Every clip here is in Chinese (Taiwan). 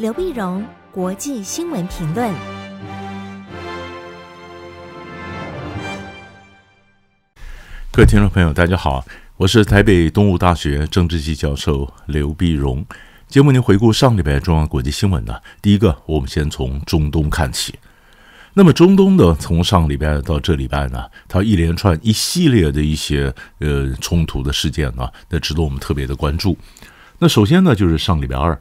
劉必榮，國際新聞評論。各位聽眾朋友，大家好，我是台北東吳大學政治系教授劉必榮。節目，您回顧上禮拜中央國際新聞呢？第一個，我們先從中東看起。那麼中東呢，從上禮拜到這禮拜呢，它一連串一系列的一些呃衝突的事件呢，那值得我們特別的關注。那首先呢，就是上禮拜二。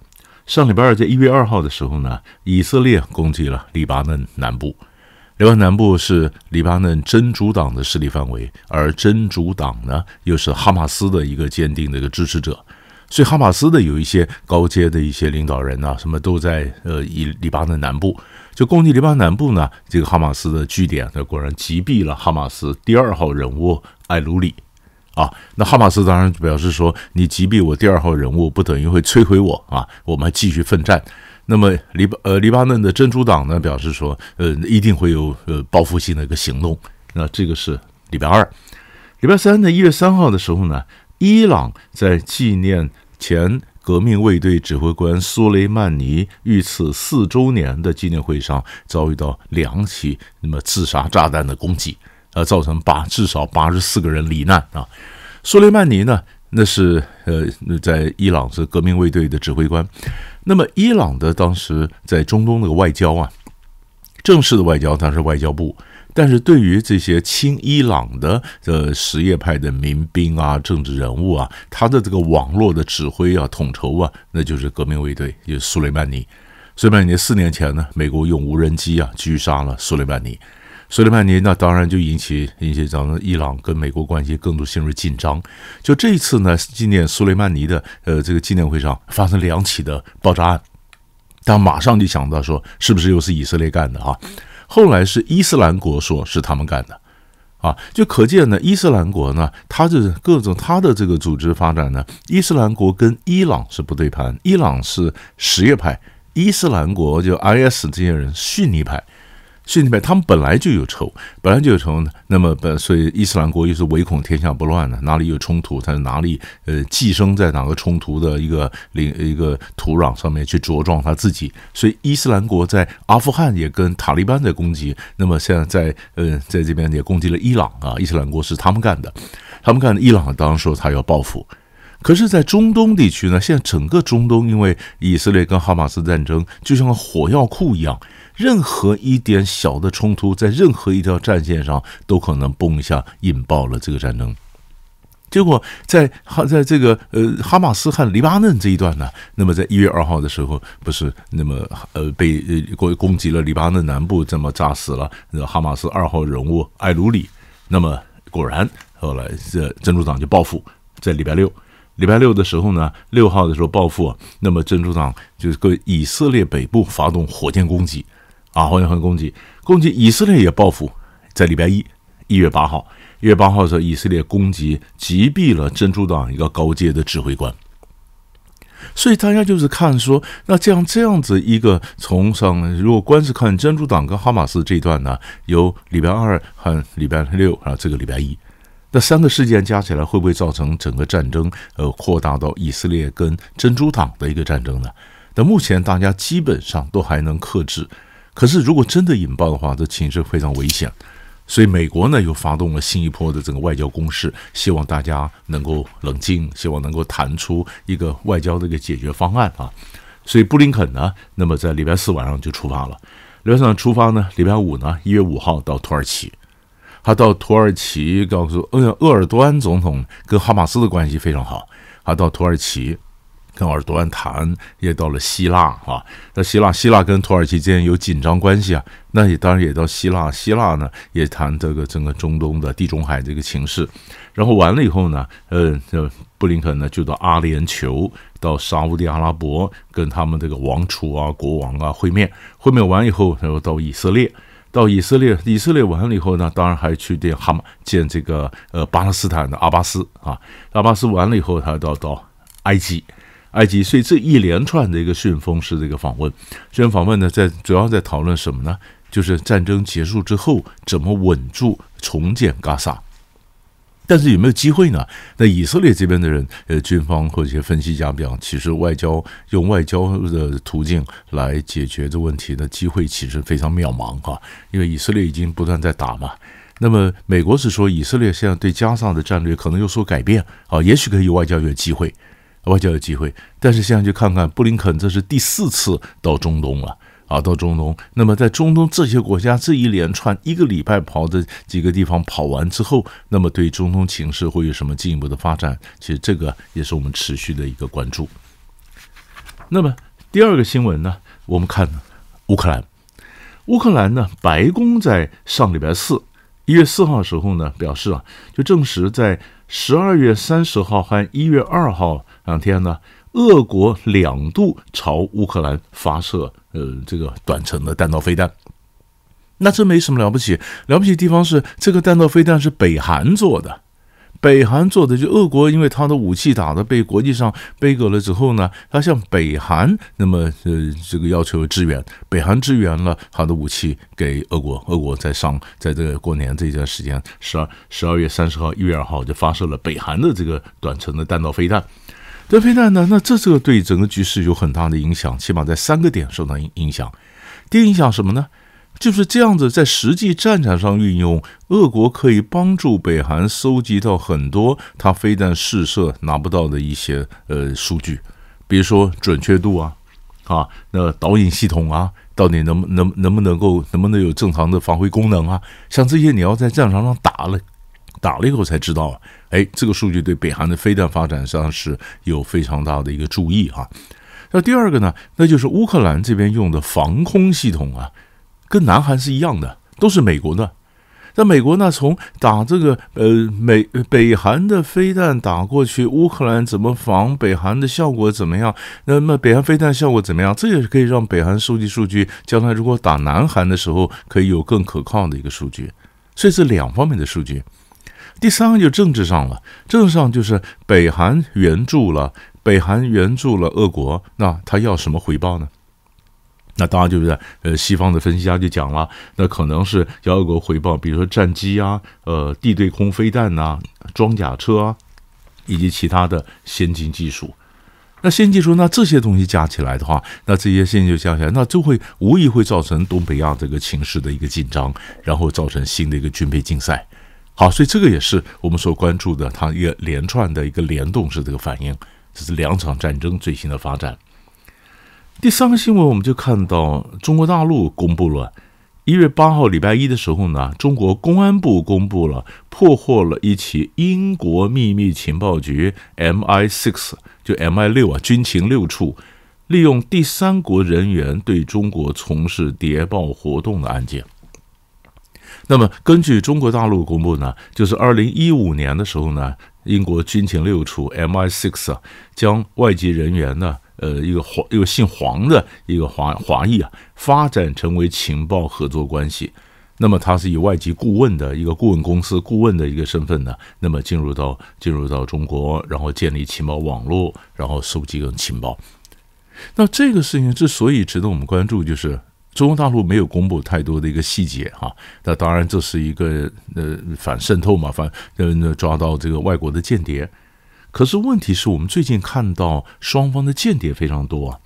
上禮拜二，在一月二號的時候呢，以色列攻擊了黎巴嫩南部。黎巴嫩南部是黎巴嫩真主黨的勢力範圍，而真主黨呢，又是哈馬斯的一個堅定的一個支持者。所以，哈馬斯的有一些高階的一些領導人呢、啊，什麼都在呃以黎巴嫩南部就攻擊黎巴嫩南部呢，這個哈馬斯的據點呢，呢果然擊斃了哈馬斯第二號人物艾魯里。啊，那哈馬斯當然表示說，你擊斃我第二號人物，不等於會摧毀我啊，我們還繼續奮戰。那麼黎巴呃黎巴嫩的真主黨呢表示說，呃，一定會有呃報復性的一個行動。那這個是禮拜二，禮拜三的一月三號的時候呢，伊朗在紀念前革命衛隊指揮官蘇雷曼尼遇刺四週年的紀念會上，遭遇到兩起那麼自殺炸彈的攻擊，呃，造成八至少八十四個人罹難啊。蘇雷曼尼呢，那是呃，在伊朗是革命衛隊的指揮官。那麼，伊朗的當時在中東那個外交啊，正式的外交它是外交部，但是對於這些親伊朗的的什葉派的民兵啊、政治人物啊，他的這個網絡的指揮啊、統籌啊，那就是革命衛隊，就是蘇雷曼尼。蘇雷曼尼四年前呢，美國用無人機啊狙殺了蘇雷曼尼。蘇雷曼尼，那當然就引起引起咱們伊朗跟美國關係更多陷入緊張。就這一次呢，紀念蘇雷曼尼的呃這個紀念會上發生兩起的爆炸案，但馬上就想到說是不是又是以色列幹的啊？後來是伊斯蘭國說是他們幹的，啊，就可見呢，伊斯蘭國呢，他的各種他的這個組織發展呢，伊斯蘭國跟伊朗是不對盤，伊朗是什葉派，伊斯蘭國就 IS 這些人遜尼派。所以那邊，他們本來就有仇，本來就有仇。那麼，所以伊斯蘭國又是唯恐天下不亂的，哪裡有衝突，它哪裡呃，寄生在哪個衝突的一個領一個土壤上面去茁壯他自己。所以，伊斯蘭國在阿富汗也跟塔利班在攻擊。那麼，現在在呃，在這邊也攻擊了伊朗啊！伊斯蘭國是他們幹的，他們幹的，伊朗當然說他要報復。可是，在中東地區呢，現在整個中東因為以色列跟哈馬斯戰爭，就像火藥庫一樣，任何一點小的衝突，在任何一條戰線上都可能蹦一下引爆了這個戰爭。結果，在哈，在這個呃哈馬斯和黎巴嫩這一段呢，那麼在一月二號的時候，不是那麼呃被呃攻攻擊了黎巴嫩南部，這麼炸死了那哈馬斯二號人物艾魯裡。那麼果然後來這真主黨就報復，在禮拜六。禮拜六的時候呢，六號的時候報復，那麼真主黨就是跟以色列北部發動火箭攻擊，啊，火箭彈攻擊，攻擊以色列也報復，在禮拜一，一月八號，一月八號的時候，以色列攻擊擊斃了真主黨一個高階的指揮官，所以大家就是看說，那這樣這樣子一個從上，如果光是看真主黨跟哈馬斯這一段呢，由禮拜二和禮拜六啊，這個禮拜一。那三個事件加起來會不會造成整個戰爭？呃，擴大到以色列跟真主黨的一個戰爭呢？那目前大家基本上都還能克制，可是如果真的引爆的話，這情勢非常危險。所以美國呢又發動了新一波的這個外交攻勢，希望大家能夠冷靜，希望能夠談出一個外交的一個解決方案啊。所以布林肯呢，那麼在禮拜四晚上就出發了，晚上出發呢，禮拜五呢，一月五號到土耳其。他到土耳其，告訴厄厄、呃、爾多安總統跟哈馬斯的關係非常好。他到土耳其跟厄爾多安談，也到了希臘啊。那希臘希臘跟土耳其之間有緊張關係啊，那也當然也到希臘。希臘呢也談這個整個中東的地中海這個情勢。然後完了以後呢，嗯、呃，布林肯呢就到阿聯酋，到沙烏地阿拉伯跟他們這個王儲啊、國王啊會面。會面完以後，他又到以色列。到以色列，以色列完了以後呢，當然還去見哈馬，見這個呃巴勒斯坦的阿巴斯啊。阿巴斯完了以後，他到到埃及，埃及。所以這一連串的一個旋風式的一個訪問，這些訪問呢，在主要在討論什麼呢？就是戰爭結束之後怎麼穩住、重建加薩。但是有沒有機會呢？那以色列這邊的人，呃，軍方或者一些分析家講，其實外交，用外交的途徑來解決這問題的機會，其實非常渺茫哈、啊。因為以色列已經不斷在打嘛。那麼美國是說，以色列現在對加薩的戰略可能有所改變啊，也許可以有外交有機會，外交有機會。但是現在就看看布林肯，這是第四次到中東了、啊。啊，到中東。那麼，在中東這些國家這一連串一個禮拜跑的幾個地方跑完之後，那麼對中東情勢會有什麼進一步的發展？其實這個也是我們持續的一個關注。那麼第二個新聞呢，我們看烏克蘭。烏克蘭呢，白宮在上禮拜四一月四號的時候呢，表示啊，就證實在十二月三十號和一月二號兩天呢。俄國兩度朝烏克蘭發射，呃，這個短程的彈道飛彈。那這沒什麼了不起，了不起的地方是這個彈道飛彈是北韓做的。北韓做的，就是俄國因為他的武器打得被國際上杯葛了之後呢，他向北韓那麼，呃，這個要求支援，北韓支援了他的武器給俄國。俄國在上，在這個過年這段時間，十二十二月三十號、一月二號就發射了北韓的這個短程的彈道飛彈。這飛彈呢？那這這個對整個局勢有很大的影響，起碼在三個點受到影影響。第一影響什麼呢？就是這樣子，在實際戰場上運用，俄國可以幫助北韓收集到很多他飛彈試射拿不到的一些呃數據，比如說準確度啊，啊，那導引系統啊，到底能能能不能夠能不能有正常的返回功能啊？像這些你要在戰場上打了。打了以後才知道，哎，這個數據對北韓的飛彈發展上是有非常大的一個助益哈。那第二個呢，那就是烏克蘭這邊用的防空系統啊，跟南韓是一樣的，都是美國的。那美國呢，從打這個呃美北韓的飛彈打過去，烏克蘭怎麼防北韓的效果怎麼樣？那麼北韓飛彈效果怎麼樣？這也是可以讓北韓收集數據，將來如果打南韓的時候可以有更可靠的一個數據。所以是兩方面的數據。第三個就是政治上了，政治上就是北韓援助了，北韓援助了俄國，那他要什麼回報呢？那當然就是，呃，西方的分析家就講了，那可能是要俄國回報，比如說戰機啊，呃，地對空飛彈吶、啊，裝甲車啊，以及其他的先進技術。那先進技術，那這些東西加起來的話，那這些先進就加起來，那就會無疑會造成東北亞這個情勢的一個緊張，然後造成新的一個軍備競賽。好，所以這個也是我們所關注的，它一個連串的一個聯動式這個反應，這是兩場戰爭最新的發展。第三個新聞，我們就看到中國大陸公布了，一月八號禮拜一的時候呢，中國公安部公布了破獲了一起英國秘密情報局 MI6，就 MI 六啊，軍情六處，利用第三國人員對中國從事諜報活動的案件。那麼，根據中國大陸公布呢，就是二零一五年的時候呢，英國軍情六處 （MI6） 啊，將外籍人員呢，呃，一個黃，一個姓黃的一個華華裔啊，發展成為情報合作關係。那麼他是以外籍顧問的一個顧問公司顧問的一個身份呢，那麼進入到進入到中國，然後建立情報網絡，然後收集情報。那這個事情之所以值得我們關注，就是。中國大陸沒有公布太多的一個細節哈、啊，那當然這是一個呃反滲透嘛，反呃，抓到這個外國的間諜。可是問題是我們最近看到雙方的間諜非常多啊。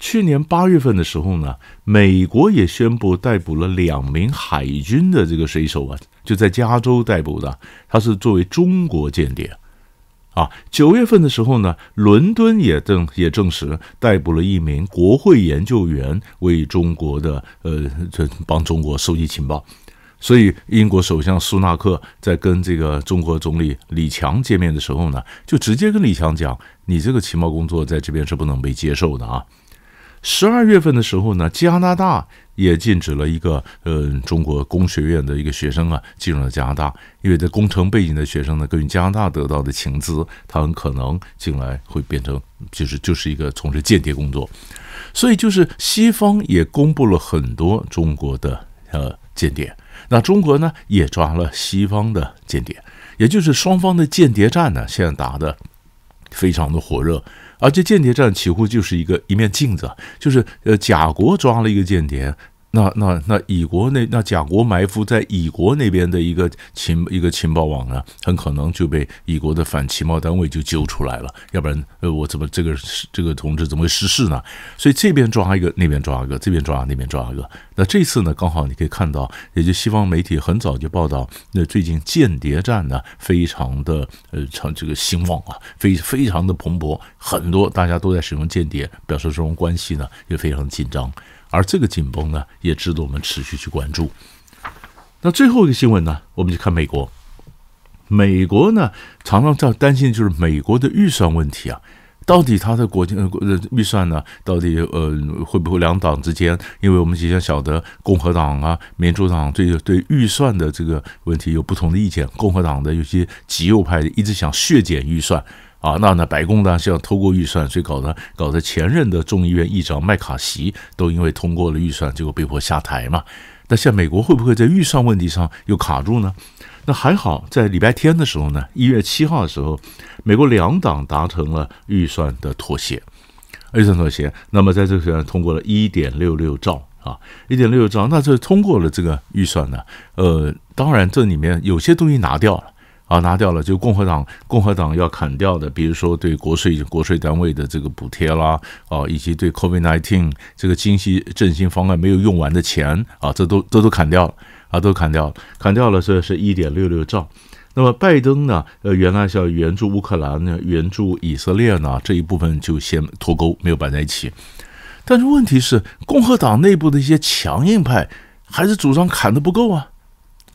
去年八月份的時候呢，美國也宣布逮捕了兩名海軍的這個水手啊，就在加州逮捕的，他是作為中國間諜。啊，九月份的時候呢，倫敦也證也證實逮捕了一名國會研究員為中國的呃，這幫中國收集情報，所以英國首相蘇納克在跟這個中國總理李強見面的時候呢，就直接跟李強講，你這個情報工作在這邊是不能被接受的啊。十二月份的時候呢，加拿大也禁止了一個嗯、呃、中國工學院的一個學生啊進入了加拿大，因為這工程背景的學生呢，根據加拿大得到的情資，他很可能進來會變成就是就是一個從事間諜工作，所以就是西方也公布了很多中國的呃間諜，那中國呢也抓了西方的間諜，也就是雙方的間諜戰呢，現在打得非常的火熱。而且，間諜戰幾乎就是一個一面鏡子，就是呃，甲國抓了一個間諜。那那那乙國那那甲國埋伏在乙國那邊的一個情一個情報網呢，很可能就被乙國的反情報單位就揪出來了，要不然呃我怎麼這個這個同志怎麼會失事呢？所以這邊抓一個，那邊抓一個，這邊抓，那邊抓一個。那這次呢，剛好你可以看到，也就西方媒體很早就報道，那最近間諜戰呢，非常的呃長這個興旺啊，非非常的蓬勃，很多大家都在使用間諜，表示這種關係呢，也非常緊張。而這個緊繃呢，也值得我們持續去關注。那最後一個新聞呢，我們就看美國。美國呢，常常在擔心就是美國的預算問題啊，到底它的國家、呃、預算呢，到底呃會不會兩黨之間，因為我們即將曉得共和黨啊、民主黨對對預算的這個問題有不同的意見，共和黨的有些極右派的一直想削減預算。啊，那那白宮呢，是要通過預算，所以搞得搞得前任的眾議院議長麥卡錫都因為通過了預算，結果被迫下台嘛。那像美國會不會在預算問題上又卡住呢？那還好，在禮拜天的時候呢，一月七號的時候，美國兩黨達成了預算的妥協，預算妥協。那麼在這個時間通過了一點六六兆啊，一點六六兆，那就通過了這個預算呢。呃，當然這裡面有些東西拿掉了。啊，拿掉了，就共和黨，共和黨要砍掉的，比如說對國稅國稅單位的這個補貼啦，啊，以及對 COVID-19 這個經濟振興方案沒有用完的錢啊，這都這都，都砍掉了，啊，都砍掉了，砍掉了，這是一點六六兆。那麼拜登呢？呃，原來想援助烏克蘭呢，援助以色列呢，這一部分就先脫鈎，沒有擺在一起。但是問題是，共和黨內部的一些強硬派還是主張砍的不夠啊，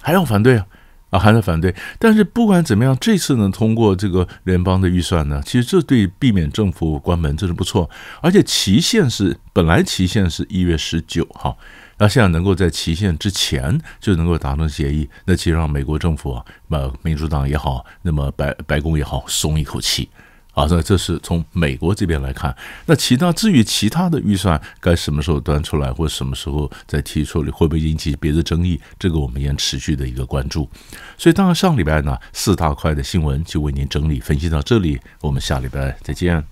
還要反對啊。啊，還在反對，但是不管怎麼樣，這次呢，通過這個聯邦的預算呢，其實這對避免政府關門真是不錯。而且期限是本來期限是一月十九號，那現在能夠在期限之前就能夠達成協議，那其實讓美國政府啊，呃，民主黨也好，那麼白白宮也好，鬆一口氣。好，那這是從美國這邊來看，那其他至於其他的預算該什麼時候端出來，或什麼時候再提出，會不會引起別的爭議，這個我們也持續的一個關注。所以，當然上禮拜呢，四大塊的新聞就為您整理分析到這裡，我們下禮拜再見。